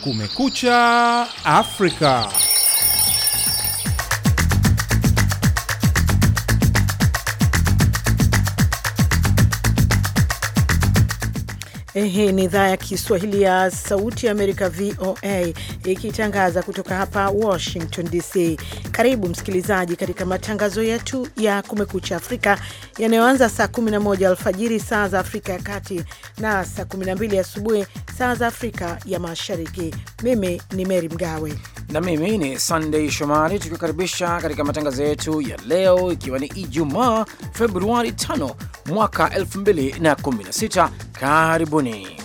Kumekucha Afrika. Hii ni idhaa ya Kiswahili ya Sauti ya Amerika, VOA, ikitangaza kutoka hapa Washington DC. Karibu msikilizaji katika matangazo yetu ya Kumekucha Afrika yanayoanza saa 11 alfajiri saa za Afrika ya Kati na saa 12 asubuhi saa za Afrika ya Mashariki. Mimi ni Meri Mgawe na mimi ni Sunday Shomari, tukikaribisha katika matangazo yetu ya leo, ikiwa ni Ijumaa Februari 5 mwaka 2016. Karibuni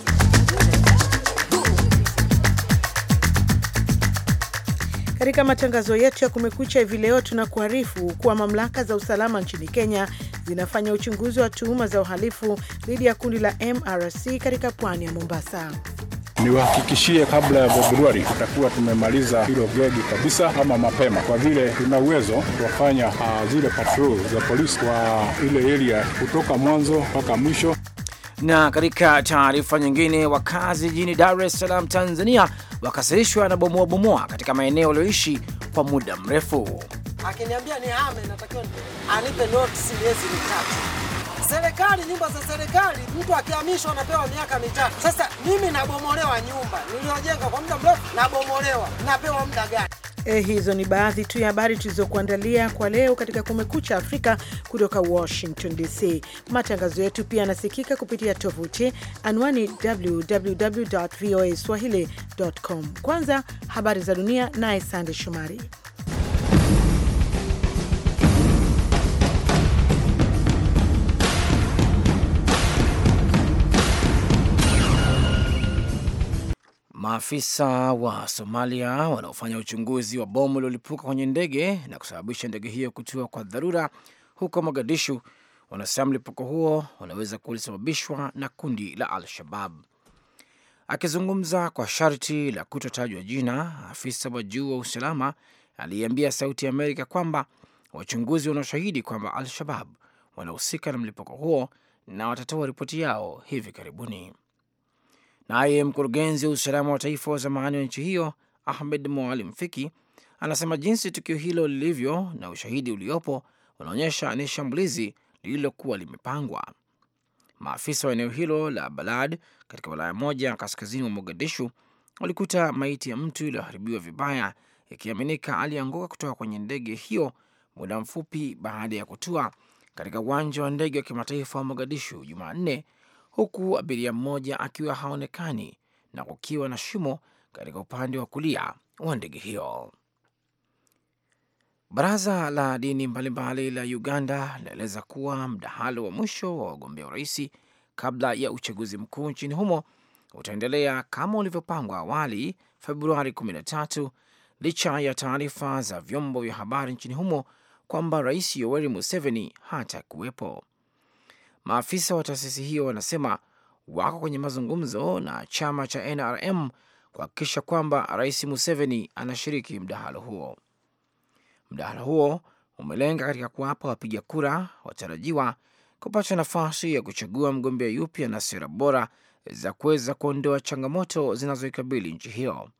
katika matangazo yetu ya Kumekucha hivi leo. Tunakuarifu kuwa mamlaka za usalama nchini Kenya zinafanya uchunguzi wa tuhuma za uhalifu dhidi ya kundi la MRC katika pwani ya Mombasa. Niwahakikishie kabla ya Februari tutakuwa tumemaliza hilo gegi kabisa ama mapema, kwa vile tuna uwezo tuwafanya uh, ah, zile patrol za polisi kwa ile area kutoka mwanzo mpaka mwisho. Na katika taarifa nyingine, wakazi jijini Dar es Salaam, Tanzania, wakasirishwa na bomoa bomoa katika maeneo walioishi kwa muda mrefu. Akiniambia ni ame, natakiwa anipe notisi miezi mitatu serikali, nyumba za serikali, mtu akihamishwa anapewa miaka mitatu. Sasa mimi nabomolewa nyumba niliyojenga kwa muda mrefu, nabomolewa, napewa muda gani? Eh, hizo ni baadhi tu ya habari tulizokuandalia kwa leo katika Kumekucha Afrika kutoka Washington DC. Matangazo yetu pia yanasikika kupitia tovuti anwani www voa swahili.com. Kwanza habari za dunia, naye Sande Shomari. Maafisa wa Somalia wanaofanya uchunguzi wa bomu lilolipuka kwenye ndege na kusababisha ndege hiyo kutua kwa dharura huko Mogadishu wanasema mlipuko huo unaweza kulisababishwa na kundi la Al-Shabab. Akizungumza kwa sharti la kutotajwa jina, afisa wa juu wa usalama aliyeambia Sauti ya Amerika kwamba wachunguzi wanaoshahidi kwamba Al-Shabab wanahusika na mlipuko huo na watatoa ripoti yao hivi karibuni. Naye mkurugenzi wa usalama wa taifa wa zamani wa nchi hiyo Ahmed Mualim Fiki anasema jinsi tukio hilo lilivyo na ushahidi uliopo unaonyesha ni shambulizi lililokuwa limepangwa. Maafisa wa eneo hilo la Balad katika wilaya moja kaskazini mwa Mogadishu walikuta maiti ya mtu iliyoharibiwa vibaya, ikiaminika alianguka kutoka kwenye ndege hiyo muda mfupi baada ya kutua katika uwanja wa ndege wa kimataifa wa Mogadishu Jumanne, huku abiria mmoja akiwa haonekani na kukiwa na shimo katika upande wa kulia wa ndege hiyo. Baraza la dini mbalimbali la Uganda linaeleza kuwa mdahalo wa mwisho wa wagombea urais kabla ya uchaguzi mkuu nchini humo utaendelea kama ulivyopangwa awali Februari 13 licha ya taarifa za vyombo vya habari nchini humo kwamba Rais Yoweri Museveni hata kuwepo. Maafisa wa taasisi hiyo wanasema wako kwenye mazungumzo na chama cha NRM kuhakikisha kwamba Rais Museveni anashiriki mdahalo huo. Mdahalo huo umelenga katika kuwapa wapiga kura watarajiwa kupata nafasi ya kuchagua mgombea yupya na sera bora za kuweza kuondoa changamoto zinazoikabili nchi hiyo.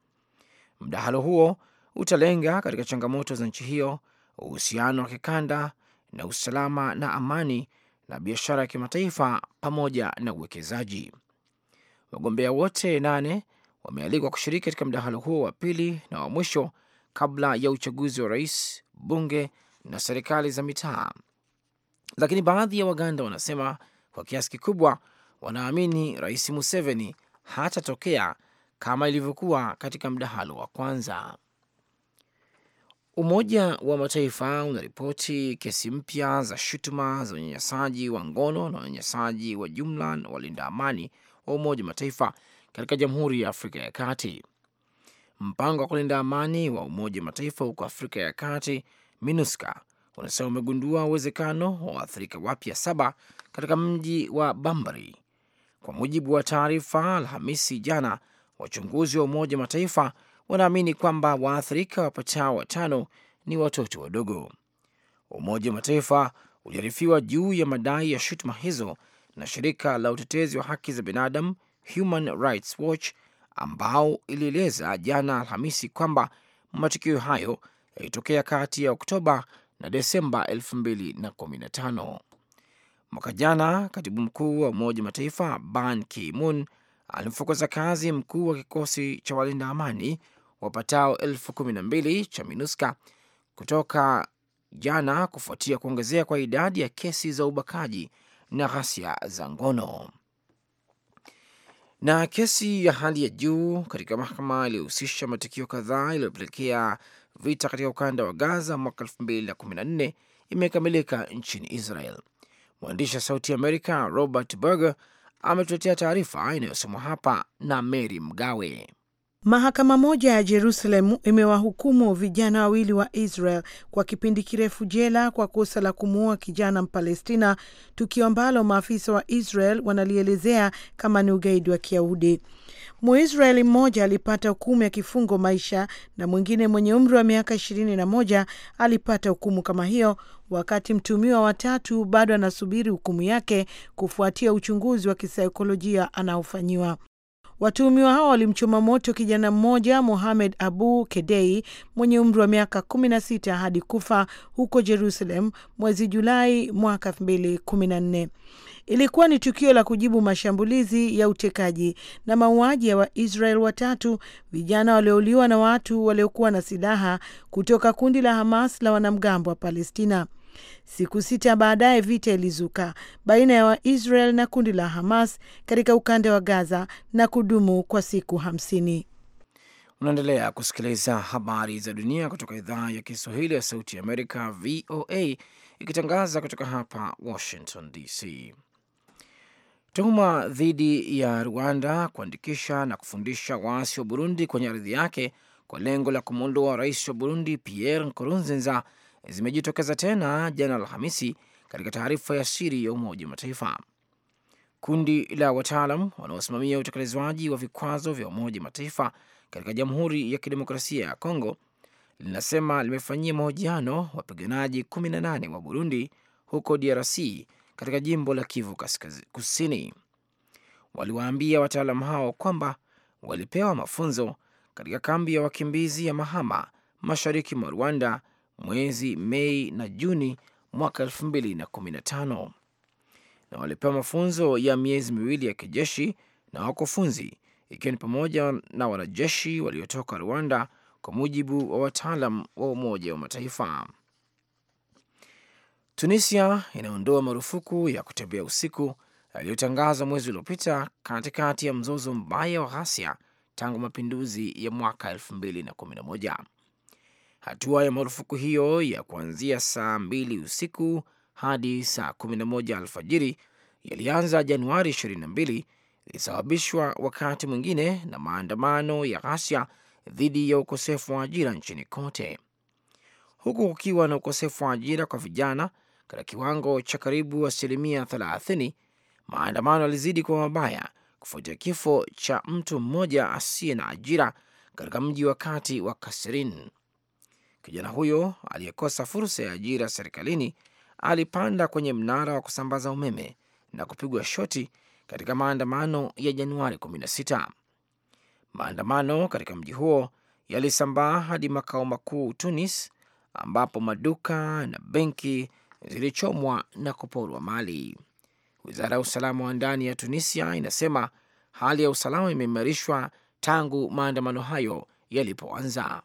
Mdahalo huo utalenga katika changamoto za nchi hiyo, uhusiano wa kikanda na usalama na amani, la biashara ya kimataifa pamoja na uwekezaji. Wagombea wote nane wamealikwa kushiriki katika mdahalo huo wa pili na wa mwisho kabla ya uchaguzi wa rais, bunge na serikali za mitaa. Lakini baadhi ya Waganda wanasema kwa kiasi kikubwa wanaamini Rais Museveni hatatokea kama ilivyokuwa katika mdahalo wa kwanza. Umoja wa Mataifa unaripoti kesi mpya za shutuma za unyanyasaji wa ngono na unyanyasaji wa jumla na walinda amani wa Umoja wa Mataifa katika Jamhuri ya Afrika ya Kati. Mpango wa kulinda amani wa Umoja wa Mataifa huko Afrika ya Kati, MINUSCA, unasema umegundua uwezekano wa waathirika wapya saba katika mji wa Bambari. Kwa mujibu wa taarifa Alhamisi jana, wachunguzi wa Umoja wa Mataifa wanaamini kwamba waathirika wapatao watano ni watoto wadogo. Umoja wa Mataifa uliarifiwa juu ya madai ya shutuma hizo na shirika la utetezi wa haki za binadamu Human Rights Watch ambao ilieleza jana Alhamisi kwamba matukio hayo yalitokea kati ya Oktoba na Desemba 2015. Mwaka jana katibu mkuu wa Umoja Mataifa Ban Ki-moon alimfukuza kazi mkuu wa kikosi cha walinda amani wapatao elfu kumi na mbili cha MINUSCA kutoka jana kufuatia kuongezea kwa idadi ya kesi za ubakaji na ghasia za ngono. Na kesi ya hali ya juu katika mahakama iliyohusisha matukio kadhaa yaliyopelekea vita katika ukanda wa Gaza mwaka 214 imekamilika nchini Israel. Mwandishi wa Sauti america Amerika Robert Berger ametuletea taarifa inayosomwa hapa na Mary Mgawe. Mahakama moja ya Jerusalemu imewahukumu vijana wawili wa Israel kwa kipindi kirefu jela kwa kosa la kumuua kijana Mpalestina, tukio ambalo maafisa wa Israel wanalielezea kama ni ugaidi wa Kiyahudi. Muisraeli mmoja alipata hukumu ya kifungo maisha na mwingine mwenye umri wa miaka ishirini na moja alipata hukumu kama hiyo, wakati mtumiwa watatu bado anasubiri hukumu yake kufuatia uchunguzi wa kisaikolojia anaofanyiwa. Watuhumiwa hao walimchoma moto kijana mmoja Mohamed Abu Kedei mwenye umri wa miaka 16 hadi kufa huko Jerusalem mwezi Julai mwaka 2014. Ilikuwa ni tukio la kujibu mashambulizi ya utekaji na mauaji ya Waisrael watatu vijana waliouliwa na watu waliokuwa na silaha kutoka kundi la Hamas la wanamgambo wa Palestina. Siku sita baadaye, vita ilizuka baina ya Waisrael na kundi la Hamas katika ukanda wa Gaza na kudumu kwa siku hamsini. Unaendelea kusikiliza habari za dunia kutoka idhaa ya Kiswahili ya Sauti ya Amerika, VOA, ikitangaza kutoka hapa Washington DC. Tuhuma dhidi ya Rwanda kuandikisha na kufundisha waasi wa Burundi kwenye ardhi yake kwa lengo la kumwondoa rais wa Burundi Pierre Nkurunziza zimejitokeza tena jana Alhamisi katika taarifa ya siri ya Umoja wa Mataifa. Kundi la wataalam wanaosimamia utekelezwaji wa vikwazo vya Umoja wa Mataifa katika Jamhuri ya Kidemokrasia ya Kongo linasema limefanyia mahojiano wapiganaji 18 wa Burundi huko DRC katika jimbo la Kivu Kusini. Waliwaambia wataalam hao kwamba walipewa mafunzo katika kambi ya wakimbizi ya Mahama mashariki mwa Rwanda mwezi Mei na Juni mwaka mbili na walipewa mafunzo ya miezi miwili ya kijeshi na wakufunzi, ikiwa ni pamoja na wanajeshi waliotoka Rwanda, kwa mujibu wa wataalam wa Umoja wa Mataifa. Tunisia inaondoa marufuku ya kutembea usiku yaliyotangazwa mwezi uliopita katikati ya mzozo mbaya wa ghasia tangu mapinduzi ya mwaka 2011. Hatua ya marufuku hiyo ya kuanzia saa mbili usiku hadi saa kumi na moja alfajiri yalianza Januari 22, ilisababishwa wakati mwingine na maandamano ya ghasia dhidi ya ukosefu wa ajira nchini kote, huku kukiwa na ukosefu wa ajira kwa vijana katika kiwango cha karibu asilimia 30. Maandamano yalizidi kuwa mabaya kufuatia kifo cha mtu mmoja asiye na ajira katika mji wa kati wa kasrin Kijana huyo aliyekosa fursa ya ajira serikalini alipanda kwenye mnara wa kusambaza umeme na kupigwa shoti katika maandamano ya Januari 16. Maandamano katika mji huo yalisambaa hadi makao makuu Tunis, ambapo maduka na benki zilichomwa na kuporwa mali. Wizara ya usalama wa ndani ya Tunisia inasema hali ya usalama imeimarishwa tangu maandamano hayo yalipoanza.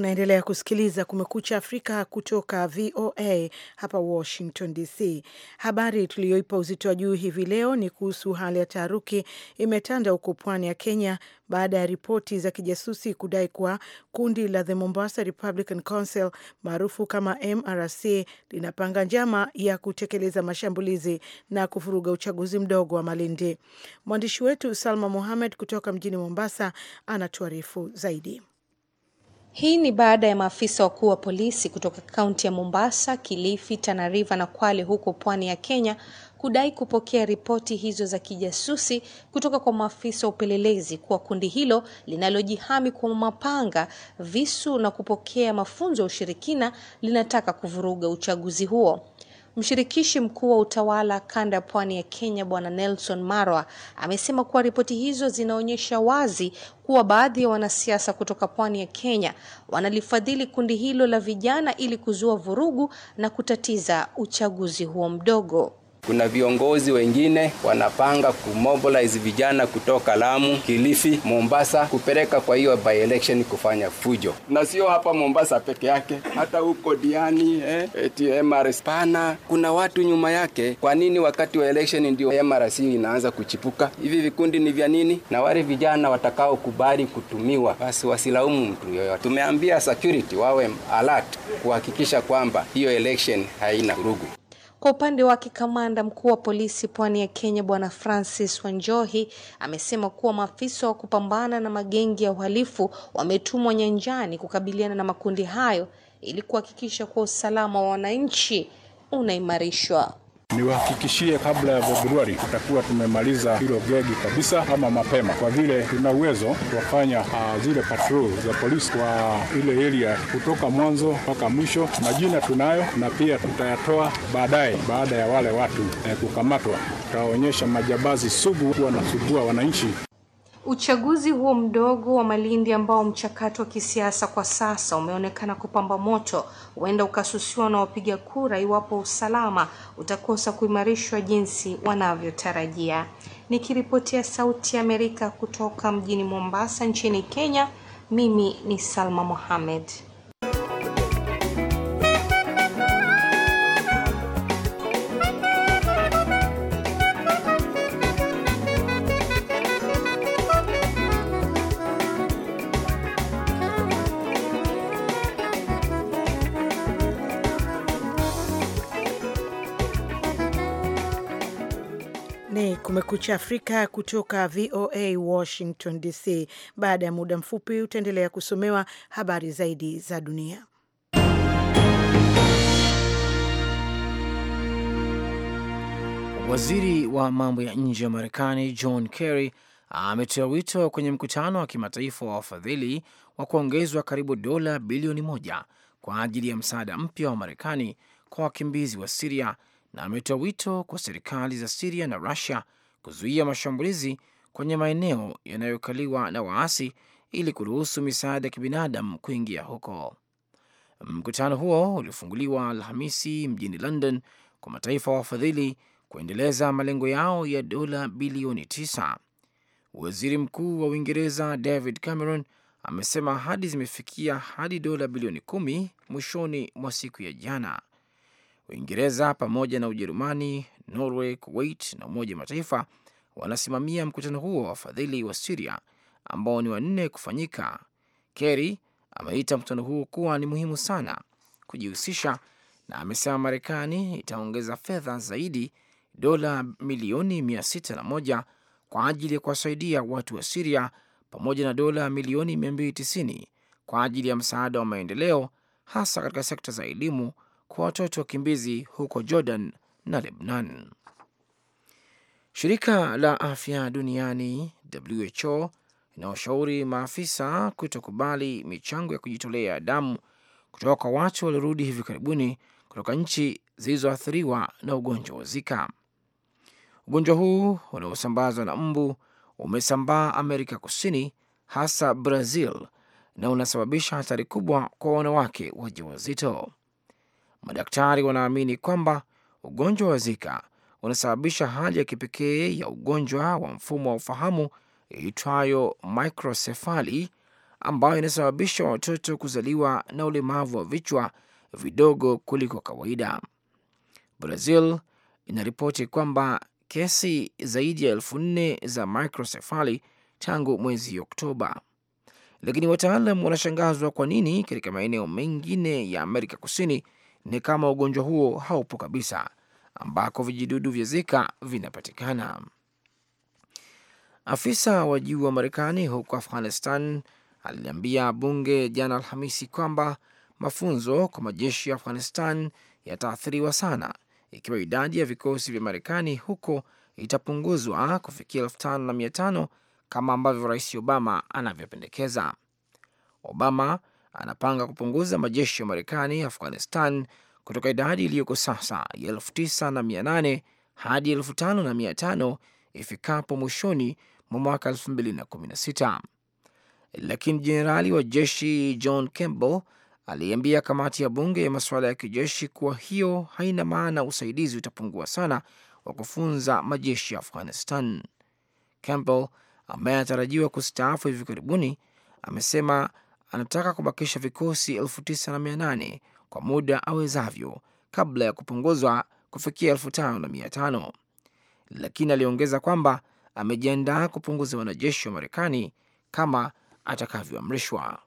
Unaendelea kusikiliza Kumekucha Afrika kutoka VOA hapa Washington DC. Habari tuliyoipa uzito wa juu hivi leo ni kuhusu hali ya taharuki imetanda huko pwani ya Kenya baada ya ripoti za kijasusi kudai kuwa kundi la The Mombasa Republican Council maarufu kama MRC linapanga njama ya kutekeleza mashambulizi na kuvuruga uchaguzi mdogo wa Malindi. Mwandishi wetu Salma muhamed kutoka mjini Mombasa anatuarifu zaidi. Hii ni baada ya maafisa wakuu wa polisi kutoka kaunti ya Mombasa, Kilifi, Tana River na Kwale huko pwani ya Kenya kudai kupokea ripoti hizo za kijasusi kutoka kwa maafisa wa upelelezi kuwa kundi hilo linalojihami kwa mapanga, visu na kupokea mafunzo ya ushirikina linataka kuvuruga uchaguzi huo. Mshirikishi mkuu wa utawala kanda ya pwani ya Kenya Bwana Nelson Marwa amesema kuwa ripoti hizo zinaonyesha wazi kuwa baadhi ya wanasiasa kutoka pwani ya Kenya wanalifadhili kundi hilo la vijana ili kuzua vurugu na kutatiza uchaguzi huo mdogo. Kuna viongozi wengine wanapanga kumobilize vijana kutoka Lamu, Kilifi, Mombasa kupeleka kwa hiyo by election kufanya fujo, na sio hapa Mombasa peke yake, hata huko Diani eh, eti MRC pana kuna watu nyuma yake. Kwa nini wakati wa election ndio MRC inaanza kuchipuka? Hivi vikundi ni vya nini? Na wale vijana watakao kubali kutumiwa basi wasilaumu mtu yoyote. Tumeambia security wawe alert kuhakikisha kwamba hiyo election haina vurugu. Kwa upande wake kamanda mkuu wa polisi pwani ya Kenya Bwana Francis Wanjohi amesema kuwa maafisa wa kupambana na magengi ya uhalifu wametumwa nyanjani kukabiliana na makundi hayo ili kuhakikisha kuwa usalama wa wananchi unaimarishwa. Niwahakikishie kabla ya Februari tutakuwa tumemaliza hilo gegi kabisa, ama mapema, kwa vile tuna uwezo kufanya uh, zile patrol za polisi kwa ile area kutoka mwanzo mpaka mwisho. Majina tunayo na pia tutayatoa baadaye, baada ya wale watu eh, kukamatwa. Tutaonyesha majambazi sugu wanasugua wananchi. Uchaguzi huo mdogo wa Malindi ambao mchakato wa kisiasa kwa sasa umeonekana kupamba moto, huenda ukasusiwa na wapiga kura iwapo usalama utakosa kuimarishwa jinsi wanavyotarajia. Nikiripotia Sauti ya Amerika kutoka mjini Mombasa nchini Kenya, mimi ni Salma Mohamed. ni Kumekucha Afrika kutoka VOA Washington DC. Baada ya muda mfupi utaendelea kusomewa habari zaidi za dunia. Waziri wa mambo ya nje wa Marekani John Kerry ametoa wito kwenye mkutano wa kimataifa wa wafadhili wa kuongezwa karibu dola bilioni moja kwa ajili ya msaada mpya wa Marekani kwa wakimbizi wa Siria na ametoa wito kwa serikali za Siria na Rusia kuzuia mashambulizi kwenye maeneo yanayokaliwa na waasi ili kuruhusu misaada ya kibinadamu kuingia huko. Mkutano huo ulifunguliwa Alhamisi mjini London kwa mataifa wafadhili kuendeleza malengo yao ya dola bilioni tisa. Waziri Mkuu wa Uingereza David Cameron amesema ahadi zimefikia hadi dola bilioni kumi mwishoni mwa siku ya jana. Uingereza pamoja na Ujerumani, Norway, Kuwait na Umoja Mataifa wanasimamia mkutano huo wa wafadhili wa Siria ambao ni wanne kufanyika. Kerry ameita mkutano huo kuwa ni muhimu sana kujihusisha na amesema Marekani itaongeza fedha zaidi dola milioni moja kwa ajili ya kuwasaidia watu wa Siria pamoja na dola milioni 290 kwa ajili ya msaada wa maendeleo hasa katika sekta za elimu kwa watoto wakimbizi huko Jordan na Lebanon. Shirika la afya duniani WHO inaoshauri maafisa kutokubali michango ya kujitolea damu kutoka kwa watu waliorudi hivi karibuni kutoka nchi zilizoathiriwa na ugonjwa wa Zika. Ugonjwa huu unaosambazwa na mbu umesambaa Amerika Kusini, hasa Brazil, na unasababisha hatari kubwa kwa wanawake wajawazito. Madaktari wanaamini kwamba ugonjwa wa Zika unasababisha hali ya kipekee ya ugonjwa wa mfumo wa ufahamu iitwayo microsefali, ambayo inasababisha watoto kuzaliwa na ulemavu wa vichwa vidogo kuliko kawaida. Brazil inaripoti kwamba kesi zaidi ya elfu nne za microsefali tangu mwezi Oktoba, lakini wataalam wanashangazwa kwa nini katika maeneo mengine ya Amerika Kusini ni kama ugonjwa huo haupo kabisa, ambako vijidudu vya Zika vinapatikana. Afisa wa juu wa Marekani huko Afghanistan aliliambia bunge jana Alhamisi kwamba mafunzo kwa majeshi ya Afghanistan yataathiriwa sana ikiwa idadi ya vikosi vya Marekani huko itapunguzwa kufikia elfu tano na mia tano kama ambavyo Rais Obama anavyopendekeza. Obama anapanga kupunguza majeshi ya Marekani Afghanistan kutoka idadi iliyoko sasa ya elfu tisa na mia nane hadi elfu tano na mia tano ifikapo mwishoni mwa mwaka 2016. Lakini jenerali wa jeshi John Campbell aliambia kamati ya bunge ya masuala ya kijeshi kuwa hiyo haina maana, usaidizi utapungua sana wa kufunza majeshi ya Afghanistan. Campbell ambaye anatarajiwa kustaafu hivi karibuni amesema anataka kubakisha vikosi 98 kwa muda awezavyo kabla ya kupunguzwa kufikia 5500 lakini aliongeza kwamba amejiandaa kupunguza wanajeshi wa Marekani kama atakavyoamrishwa.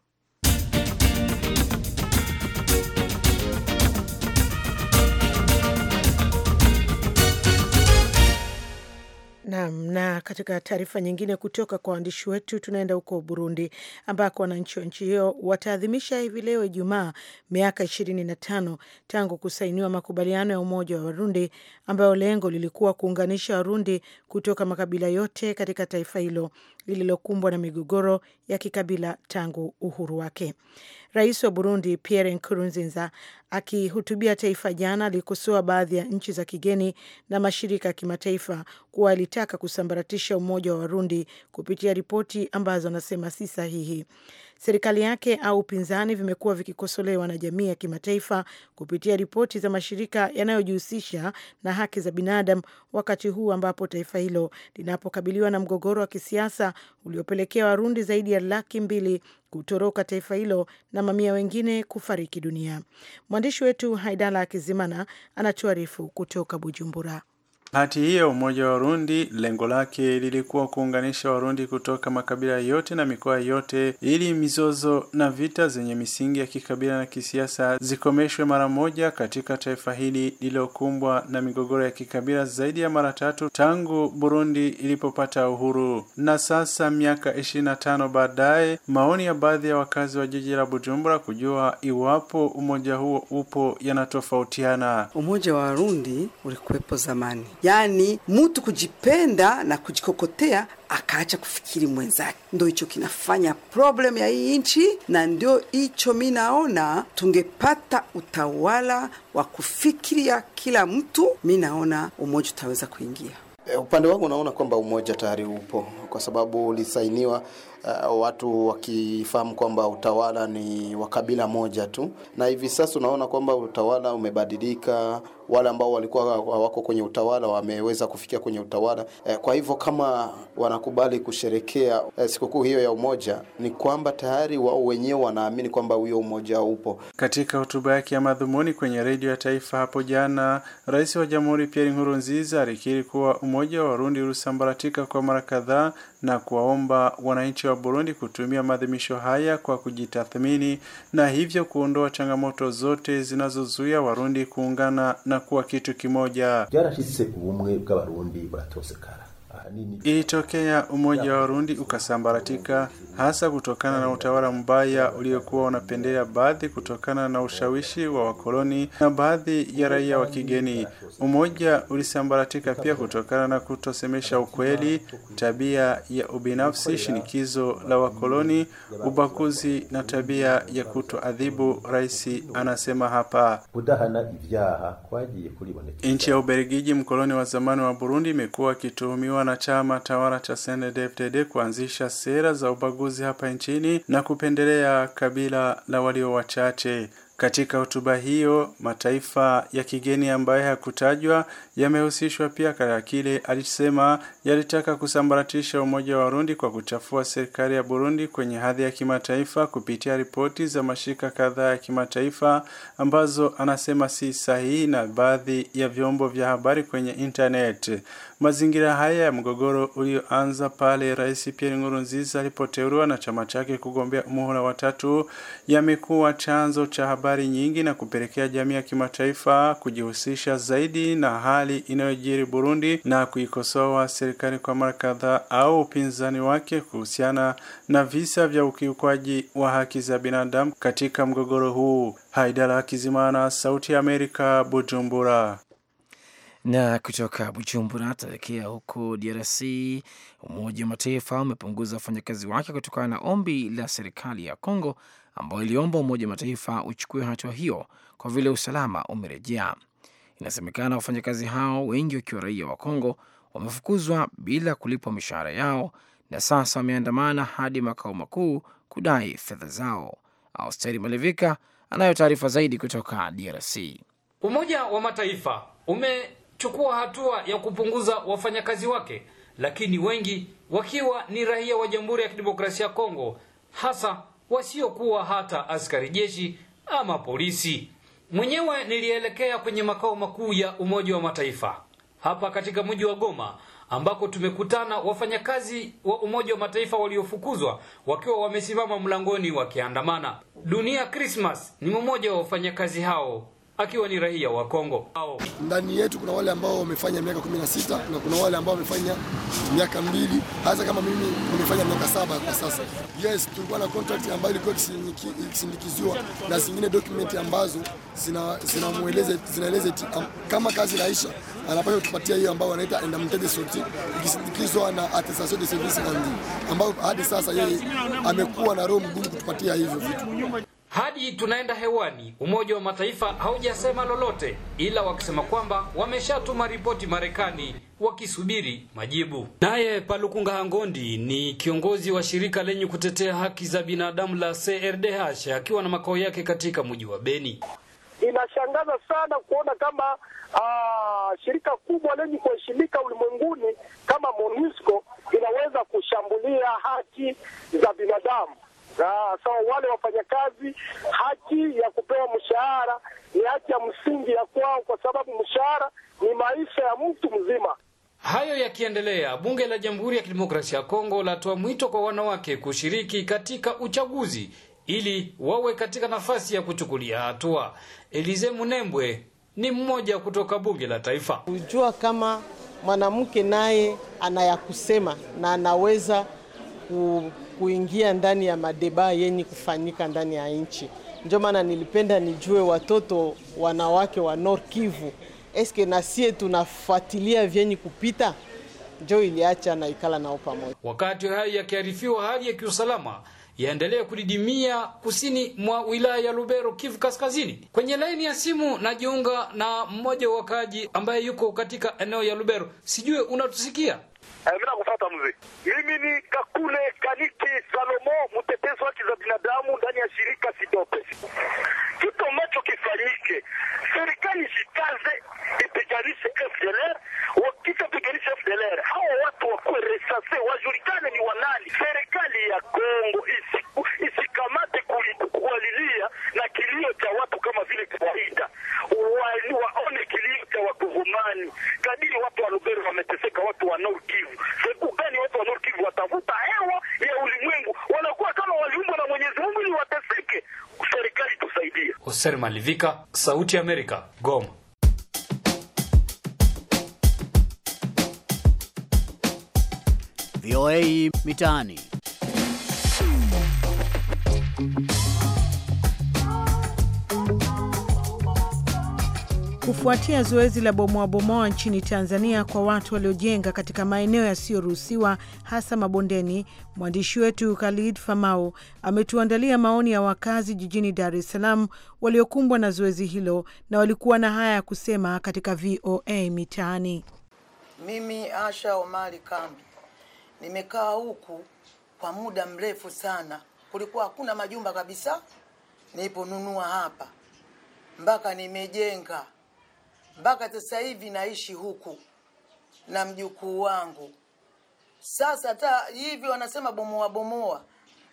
Naam, na katika taarifa nyingine kutoka kwa waandishi wetu tunaenda huko Burundi ambako wananchi wa nchi hiyo wataadhimisha hivi leo Ijumaa miaka ishirini na tano tangu kusainiwa makubaliano ya Umoja wa Warundi ambayo lengo lilikuwa kuunganisha Warundi kutoka makabila yote katika taifa hilo lililokumbwa na migogoro ya kikabila tangu uhuru wake. Rais wa Burundi Pierre Nkurunziza akihutubia taifa jana alikosoa baadhi ya nchi za kigeni na mashirika ya kimataifa kuwa alitaka kusambaratisha umoja wa Warundi kupitia ripoti ambazo anasema si sahihi serikali yake au upinzani vimekuwa vikikosolewa na jamii ya kimataifa kupitia ripoti za mashirika yanayojihusisha na haki za binadamu, wakati huu ambapo taifa hilo linapokabiliwa na mgogoro wa kisiasa uliopelekea Warundi zaidi ya laki mbili kutoroka taifa hilo na mamia wengine kufariki dunia. Mwandishi wetu Haidala Akizimana anatuarifu kutoka Bujumbura. Hati hiyo Umoja wa Warundi lengo lake lilikuwa kuunganisha Warundi kutoka makabila yote na mikoa yote ili mizozo na vita zenye misingi ya kikabila na kisiasa zikomeshwe mara moja katika taifa hili lililokumbwa na migogoro ya kikabila zaidi ya mara tatu tangu Burundi ilipopata uhuru. Na sasa miaka 25 baadaye, maoni ya baadhi ya wakazi wa jiji la Bujumbura kujua iwapo umoja huo upo yanatofautiana. Umoja wa Warundi ulikuwepo zamani yani mtu kujipenda na kujikokotea akaacha kufikiri mwenzake. Ndo hicho kinafanya problem ya hii nchi, na ndio hicho mi naona tungepata utawala wa kufikiria kila mtu, mi naona umoja utaweza kuingia. E, upande wangu naona kwamba umoja tayari upo kwa sababu ulisainiwa uh, watu wakifahamu kwamba utawala ni wa kabila moja tu, na hivi sasa unaona kwamba utawala umebadilika. Wale ambao walikuwa hawako kwenye utawala wameweza kufikia kwenye utawala. Eh, kwa hivyo kama wanakubali kusherekea eh, sikukuu hiyo ya umoja, ni kwamba tayari wao wenyewe wanaamini kwamba huyo umoja upo. Katika hotuba yake ya madhumuni kwenye redio ya taifa hapo jana, rais wa jamhuri Pierre Nkurunziza alikiri kuwa umoja wa Warundi ulisambaratika kwa mara kadhaa na kuwaomba wananchi wa Burundi kutumia maadhimisho haya kwa kujitathmini na hivyo kuondoa changamoto zote zinazozuia Warundi kuungana na kuwa kitu kimoja. byarashitse ubumwe bw'abarundi buratosekara Ilitokea umoja wa Warundi ukasambaratika, hasa kutokana na utawala mbaya uliokuwa unapendelea baadhi kutokana na ushawishi wa wakoloni na baadhi ya raia wa kigeni. Umoja ulisambaratika pia kutokana na kutosemesha ukweli, tabia ya ubinafsi, shinikizo la wakoloni, ubaguzi na tabia ya kutoadhibu. Rais anasema hapa, nchi ya Ubelgiji, mkoloni wa zamani wa Burundi, imekuwa akituhumiwa na na chama tawala cha CNDD-FDD kuanzisha sera za ubaguzi hapa nchini na kupendelea kabila la walio wachache. Katika hotuba hiyo, mataifa ya kigeni ambayo hakutajwa yamehusishwa pia katika kile alisema yalitaka kusambaratisha umoja wa Warundi kwa kuchafua serikali ya Burundi kwenye hadhi ya kimataifa kupitia ripoti za mashirika kadhaa ya kimataifa ambazo anasema si sahihi na baadhi ya vyombo vya habari kwenye internet. Mazingira haya ya mgogoro ulioanza pale Rais Pierre Nkurunziza alipoteuliwa na chama chake kugombea muhula watatu yamekuwa chanzo cha habari habari nyingi na kupelekea jamii ya kimataifa kujihusisha zaidi na hali inayojiri Burundi na kuikosoa serikali kwa mara kadhaa au upinzani wake kuhusiana na visa vya ukiukwaji wa haki za binadamu katika mgogoro huu. Haidara Kizimana, Sauti ya Amerika, Bujumbura. Na kutoka Bujumbura tuelekea huko DRC. Umoja wa Mataifa umepunguza wafanyakazi wake kutokana na ombi la serikali ya Kongo ambayo iliomba Umoja Mataifa uchukue hatua hiyo kwa vile usalama umerejea. Inasemekana wafanyakazi hao, wengi wakiwa raia wa Kongo, wamefukuzwa bila kulipwa mishahara yao na sasa wameandamana hadi makao makuu kudai fedha zao. Austeri Malevika anayo taarifa zaidi kutoka DRC. Umoja wa Mataifa umechukua hatua ya kupunguza wafanyakazi wake, lakini wengi wakiwa ni raia wa Jamhuri ya Kidemokrasia ya Kongo, hasa wasiokuwa hata askari jeshi ama polisi. Mwenyewe nilielekea kwenye makao makuu ya Umoja wa Mataifa hapa katika mji wa Goma ambako tumekutana wafanyakazi wa Umoja wa Mataifa waliofukuzwa wakiwa wamesimama mlangoni wakiandamana. Dunia Christmas ni mmoja wa wafanyakazi hao akiwa ni raia wa Kongo. Ndani yetu kuna wale ambao wamefanya miaka 16 na kuna wale ambao wamefanya miaka mbili, hasa kama mimi nimefanya miaka saba kwa sasa. Yes, tulikuwa na contract ambayo ilikuwa ikisindikiziwa na zingine document ambazo zinamueleza zinaeleza um, kama kazi naisha anapaswa kutupatia hiyo ambayo wanaita indemnité de ikisindikizwa na attestation de service rendu, ambayo hadi sasa yeye amekuwa na roho mgumu kutupatia hivyo vitu. Hadi tunaenda hewani, Umoja wa Mataifa haujasema lolote, ila wakisema kwamba wameshatuma ripoti Marekani wakisubiri majibu. Naye Palukunga Hangondi ni kiongozi wa shirika lenye kutetea haki za binadamu la CRDH akiwa na makao yake katika mji wa Beni. Inashangaza sana kuona kama aa, ah, shirika kubwa lenye kuheshimika ulimwenguni kama MONUSCO inaweza kushambulia haki za binadamu. Ah, so wale wafanyakazi haki ya kupewa mshahara ni haki ya msingi ya kwao, kwa sababu mshahara ni maisha ya mtu mzima. Hayo yakiendelea, bunge la Jamhuri ya Kidemokrasia ya Kongo latoa mwito kwa wanawake kushiriki katika uchaguzi ili wawe katika nafasi ya kuchukulia hatua. Elize Munembwe ni mmoja kutoka bunge la taifa. Kujua kama mwanamke naye anayakusema kusema na anaweza ku kuingia ndani ya madeba yenye kufanyika ndani ya nchi. Ndio maana nilipenda nijue watoto wanawake wa North Kivu, eske na sie tunafuatilia vyenye kupita, njo iliacha na ikala nao pamoja. Wakati hayo yakiarifiwa, hali ya kiusalama yaendelea kudidimia kusini mwa wilaya ya Lubero, Kivu Kaskazini. Kwenye laini ya simu najiunga na mmoja wa wakaaji ambaye yuko katika eneo ya Lubero. Sijue unatusikia? Hey, eh, Santa mzee, mimi ni Kakule Kaniki Salomo, mtetezi wa haki za binadamu ndani ya shirika Sidope. Kitu ambacho kifanyike, serikali jikaze ipiganishe FDLR, wakitapiganisha FDLR hawa watu wakuwe resase, wajulikane ni wanani. Serikali ya Kongo isikamate isi kuwalilia na kilio cha watu kama vile kawaida, waone kilio cha wakongomani kadiri watu wa Lubero wameteseka, watu wa Nord Kivu Mungu gani watu wa Nord Kivu watavuta hewa ya ulimwengu? Wanakuwa kama waliumbwa na Mwenyezi Mungu ili wateseke. Serikali tusaidie. Hoser Malivika, Sauti ya Amerika, Goma. VOA mitaani. kufuatia zoezi la bomoa bomoa nchini Tanzania kwa watu waliojenga katika maeneo yasiyoruhusiwa hasa mabondeni. Mwandishi wetu Khalid Famau ametuandalia maoni ya wakazi jijini Dar es Salaam waliokumbwa na zoezi hilo na walikuwa na haya ya kusema katika VOA Mitaani. Mimi Asha Omari Kambi nimekaa huku kwa muda mrefu sana, kulikuwa hakuna majumba kabisa niliponunua hapa mpaka nimejenga mpaka sasa hivi naishi huku na mjukuu wangu. Sasa hata hivi wanasema bomoa bomoa,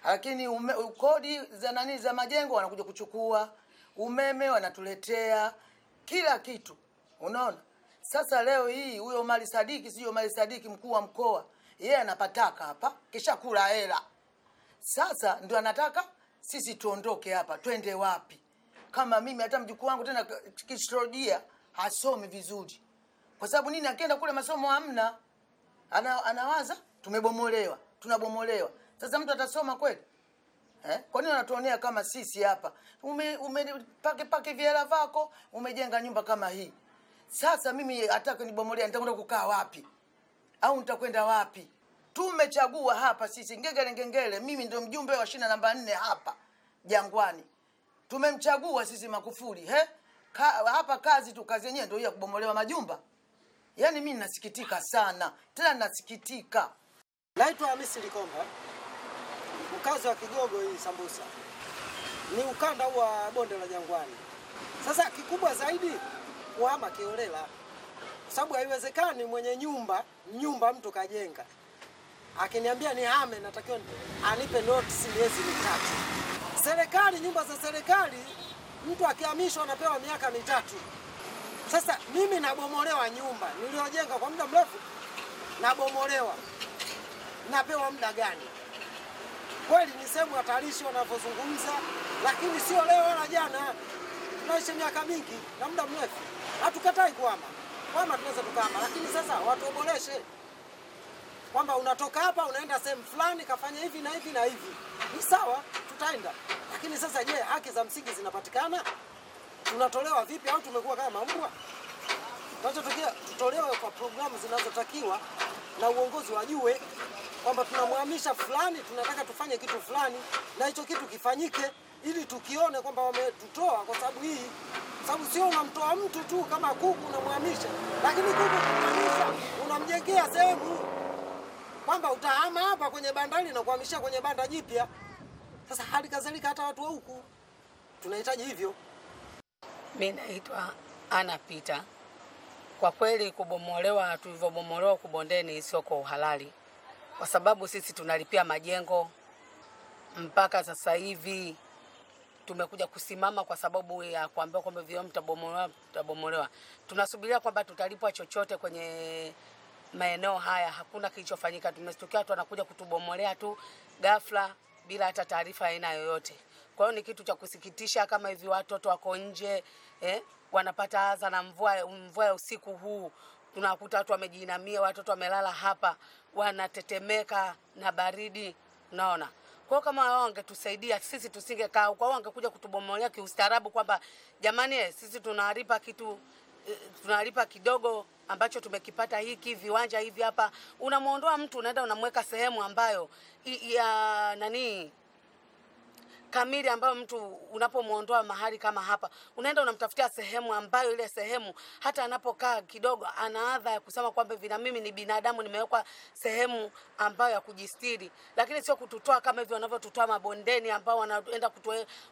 lakini ume, kodi za nani za majengo wanakuja kuchukua, umeme wanatuletea kila kitu, unaona. Sasa leo hii huyo Mali Sadiki, sio Mali Sadiki, mkuu wa mkoa, yeye anapataka hapa kisha kula hela. Sasa ndio anataka sisi tuondoke hapa, twende wapi? Kama mimi hata mjukuu wangu tena kistrodia hasome vizuri. Kwa sababu nini? Akienda kule masomo hamna, ana, anawaza tumebomolewa, tunabomolewa. Sasa mtu atasoma kweli eh? Kwa nini anatuonea kama sisi hapa? Ume, ume pake pake viela vako umejenga nyumba kama hii. Sasa mimi hata nibomolea, nitakwenda kukaa wapi? Au nitakwenda wapi? Tumechagua hapa sisi ngegele ngengele, mimi ndio mjumbe wa shina namba nne hapa Jangwani. Tumemchagua sisi Magufuli, eh? ka, hapa kazi tu, kazi yenyewe ndio ya kubomolewa majumba. Yaani mimi nasikitika sana, tena nasikitika. Naitwa Hamisi Likomba, mkazi wa Kigogo hii Sambusa, ni ukanda wa bonde la Jangwani. Sasa kikubwa zaidi kuhama kiolela, kwa sababu haiwezekani mwenye nyumba nyumba mtu kajenga akiniambia ni hame, natakiwa anipe notice miezi mitatu. Serikali, nyumba za serikali mtu akihamishwa anapewa miaka mitatu. Sasa mimi nabomolewa nyumba niliyojenga kwa muda mrefu, nabomolewa, napewa muda gani? Kweli ni sehemu hatarishi wanavyozungumza, lakini sio leo wala jana, tunaishi miaka mingi na muda mrefu. Hatukatai kuhama, kwama tunaweza tukahama, lakini sasa watuoboleshe kwamba unatoka hapa unaenda sehemu fulani, kafanya hivi na hivi na hivi, ni sawa tutaenda, lakini sasa, je, haki za msingi zinapatikana? Tunatolewa vipi? Au tumekuwa kama mambwa? Tunachotokea tutolewe kwa programu zinazotakiwa na uongozi wajue kwamba tunamhamisha fulani, tunataka tufanye kitu fulani, na hicho kitu kifanyike, ili tukione kwamba wametutoa kwa sababu hii. Sababu sio unamtoa mtu tu kama kuku unamhamisha, lakini kuku kumhamisha, unamjengea sehemu kwamba utahama hapa kwenye bandari na kuhamishia kwenye banda jipya. Sasa hali kadhalika hata watu wa huku tunahitaji hivyo. Mimi naitwa Ana Pita. Kwa kweli kubomolewa tulivyobomolewa kubondeni sio kwa uhalali, kwa sababu sisi tunalipia majengo mpaka sasa hivi tumekuja kusimama kwa sababu ya kuambiwa kwamba vio mtabomolewa, mtabomolewa. Tunasubiria kwamba tutalipwa chochote kwenye maeneo haya, hakuna kilichofanyika. Tumestukia watu wanakuja kutubomolea tu ghafla bila hata taarifa aina yoyote. Kwa hiyo ni kitu cha kusikitisha kama hivi watoto wako nje eh, wanapata adha na mvua mvua ya usiku huu tunakuta watu wamejiinamia, watoto wamelala hapa, wanatetemeka na baridi, unaona. Kwa hiyo kama wao wangetusaidia sisi tusingekaa huko, wao wangekuja kutubomolea kiustaarabu kwamba jamani, eh, sisi tunawalipa kitu Eh, tunalipa kidogo ambacho tumekipata hiki viwanja hivi hapa, unamwondoa mtu, unaenda unamweka sehemu ambayo ya nani kamili ambayo mtu unapomwondoa mahali kama hapa, unaenda unamtafutia sehemu ambayo ile sehemu hata anapokaa kidogo ana adha ya kusema kwamba vina mimi ni binadamu, nimewekwa sehemu ambayo ya kujistiri, lakini sio kututoa kama hivi wanavyotutoa mabondeni ambao wanaenda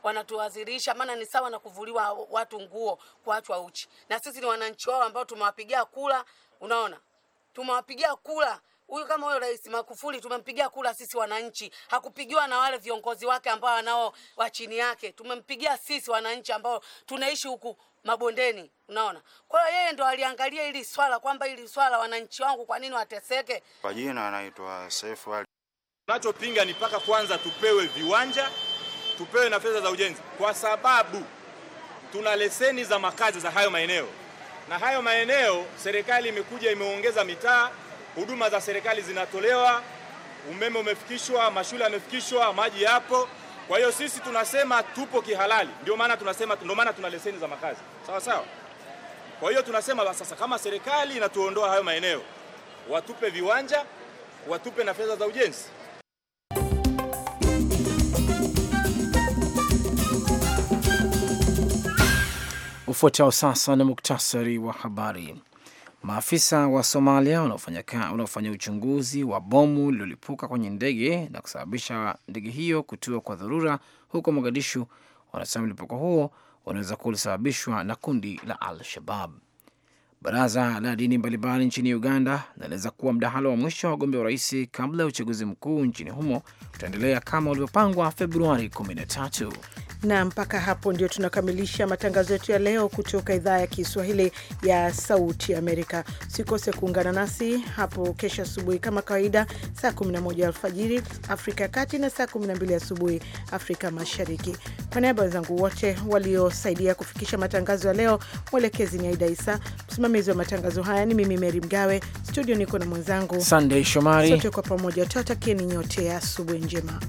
wanatuadhirisha. Maana ni sawa na kuvuliwa watu nguo, kuachwa uchi, na sisi ni wananchi wao ambao tumewapigia kula. Unaona, tumewapigia kula huyu kama huyo Rais Magufuli tumempigia kura sisi wananchi, hakupigiwa na wale viongozi wake ambao wanao wa chini yake. Tumempigia sisi wananchi ambao tunaishi huku mabondeni, unaona. Kwa hiyo yeye ndo aliangalia hili swala kwamba hili swala wananchi wangu kwa nini wateseke. Kwa jina anaitwa Seif Ali. Tunachopinga ni mpaka kwanza tupewe viwanja, tupewe na fedha za ujenzi, kwa sababu tuna leseni za makazi za hayo maeneo, na hayo maeneo serikali imekuja imeongeza mitaa huduma za serikali zinatolewa, umeme umefikishwa, mashule yamefikishwa, maji yapo. Kwa hiyo sisi tunasema tupo kihalali, ndio maana tunasema, ndio maana tuna leseni za makazi, sawa sawa. Kwa hiyo tunasema sasa, kama serikali inatuondoa hayo maeneo, watupe viwanja, watupe na fedha za ujenzi. Ufuatao sasa ni muktasari wa habari. Maafisa wa Somalia wanaofanya uchunguzi wa bomu lililolipuka kwenye ndege na kusababisha ndege hiyo kutua kwa dharura huko Mogadishu wanasema mlipuko huo unaweza kuwa ulisababishwa na kundi la Al Shabab. Baraza la dini mbalimbali nchini Uganda linaeleza kuwa mdahalo wa mwisho wa wagombea urais kabla ya uchaguzi mkuu nchini humo utaendelea kama ulivyopangwa Februari 13. Na mpaka hapo ndio tunakamilisha matangazo yetu ya leo kutoka idhaa ya Kiswahili ya Sauti Amerika. Sikose kuungana nasi hapo kesho asubuhi kama kawaida, saa 11 alfajiri Afrika ya Kati na saa 12 asubuhi Afrika Mashariki. Kwa niaba wenzangu wote waliosaidia kufikisha matangazo ya leo, mwelekezi ni Aida Isa Msimamizi wa matangazo haya ni mimi Meri Mgawe. Studio niko na mwenzangu Sandey Shomari. Sote kwa pamoja tutawatakieni nyote asubuhi njema.